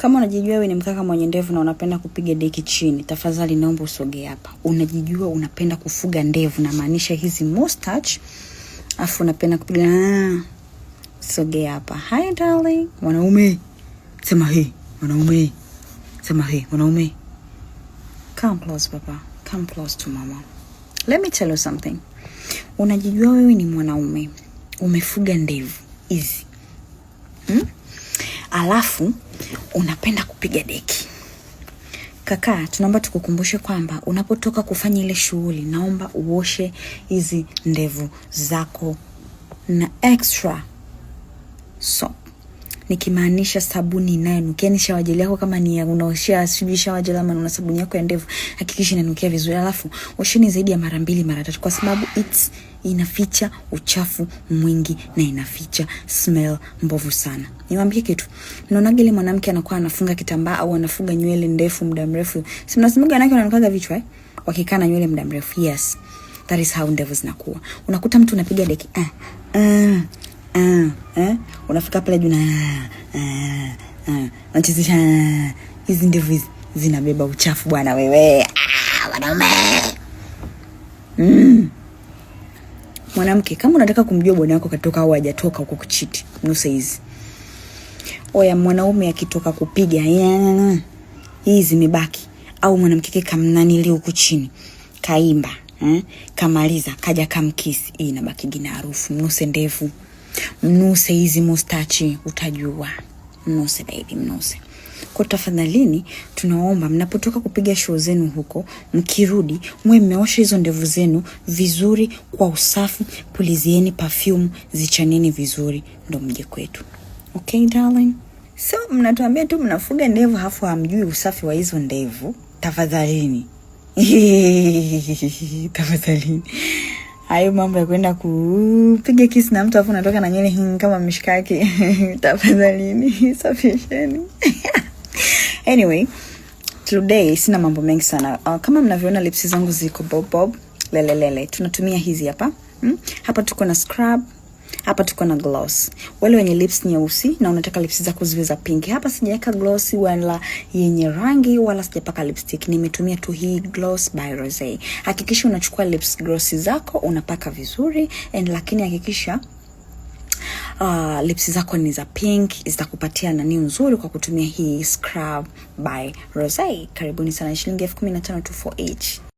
Kama unajijua wewe ni mkaka mwenye ndevu na unapenda kupiga deki chini, tafadhali naomba usogee hapa. Unajijua unapenda kufuga ndevu, namaanisha hizi mustache, afu unapenda kupiga ah, sogea hapa. Hi darling, mwanaume sema he, mwanaume sema he, mwanaume come close, papa come close to mama. Let me tell you something. Unajijua wewe ni mwanaume, umefuga ndevu hizi hmm? alafu unapenda kupiga deki. Kaka, tunaomba tukukumbushe kwamba unapotoka kufanya ile shughuli, naomba uoshe hizi ndevu zako na extra soap nikimaanisha sabuni inayonukia. Yani shawajeli yako kama ni unaoshia sijui shawajeli ama una sabuni yako ya ndevu, hakikisha inanukia vizuri, alafu osheni zaidi ya mara mbili mara tatu, kwa sababu it's inaficha uchafu mwingi na inaficha smell mbovu sana. Niwaambie kitu, mnaonaga ile mwanamke anakuwa anafunga kitambaa au anafuga nywele ndefu muda mrefu, si mnasemaga wanawake wananukaga vichwa eh? wakikaa na nywele muda mrefu, yes that is how ndevu zinakuwa. Unakuta mtu unapiga deki ah, ah, ah, ah eh? unafika pale juu na eh, eh, unachezesha eh, hizi ndevu hizi zinabeba uchafu bwana wewe. Ah, wanaume mm. Mwanamke, kama unataka kumjua bwana wako katoka au hajatoka huko kuchiti, nusa hizi. Oya, mwanaume akitoka kupiga hii zimebaki, au mwanamke kamnanili huku chini kaimba eh, kamaliza kaja kamkisi, hii inabaki gina harufu. Mnuse ndevu mnuse hizi mustachi, utajua mnuse baby, mnuse. Kwa tafadhalini, tunaomba mnapotoka kupiga show zenu huko, mkirudi mwe mmeosha hizo ndevu zenu vizuri kwa usafi, pulizieni perfume, zichanini vizuri, ndo mje kwetu. Okay darling, so mnatuambia tu mnafuga ndevu hafu hamjui usafi wa hizo ndevu. Tafadhalini, tafadhalini hayo mambo ya kwenda kupiga kisi na mtu afu natoka na nywele kama mishkaki tafadhalini safisheni. Anyway, today sina mambo mengi sana. Uh, kama mnavyoona lips zangu ziko bob bob lelelele, tunatumia hizi hapa hmm? Hapa tuko na scrub hapa tuko na gloss. Wale wenye lips nyeusi na unataka lips zako ziwe za pinki, hapa sijaweka gloss wala yenye rangi wala sijapaka lipstick, nimetumia tu hii gloss by Rose. Hakikisha unachukua lips gloss zako unapaka vizuri and lakini hakikisha Uh, lips zako ni za pink, zitakupatia nani nzuri kwa kutumia hii scrub by Rose. Karibuni sana, shilingi elfu kumi na tano tu for each.